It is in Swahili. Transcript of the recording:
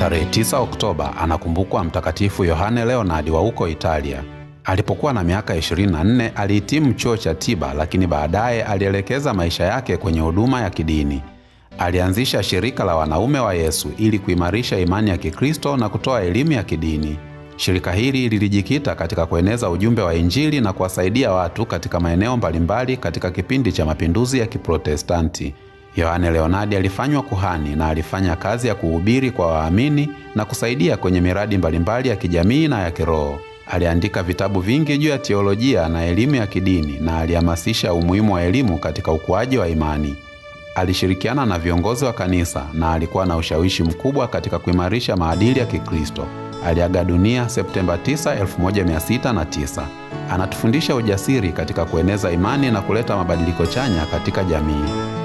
Tarehe 9 Oktoba anakumbukwa Mtakatifu Yohane Leonard wa huko Italia. Alipokuwa na miaka 24 alihitimu chuo cha tiba, lakini baadaye alielekeza maisha yake kwenye huduma ya kidini. Alianzisha shirika la wanaume wa Yesu ili kuimarisha imani ya Kikristo na kutoa elimu ya kidini. Shirika hili lilijikita katika kueneza ujumbe wa Injili na kuwasaidia watu katika maeneo mbalimbali katika kipindi cha mapinduzi ya Kiprotestanti. Yohane Leonadi alifanywa kuhani na alifanya kazi ya kuhubiri kwa waamini na kusaidia kwenye miradi mbalimbali ya kijamii na ya kiroho. Aliandika vitabu vingi juu ya teolojia na elimu ya kidini na alihamasisha umuhimu wa elimu katika ukuaji wa imani. Alishirikiana na viongozi wa kanisa na alikuwa na ushawishi mkubwa katika kuimarisha maadili ya Kikristo. Aliaga dunia Septemba 9, 1609. Anatufundisha ujasiri katika kueneza imani na kuleta mabadiliko chanya katika jamii.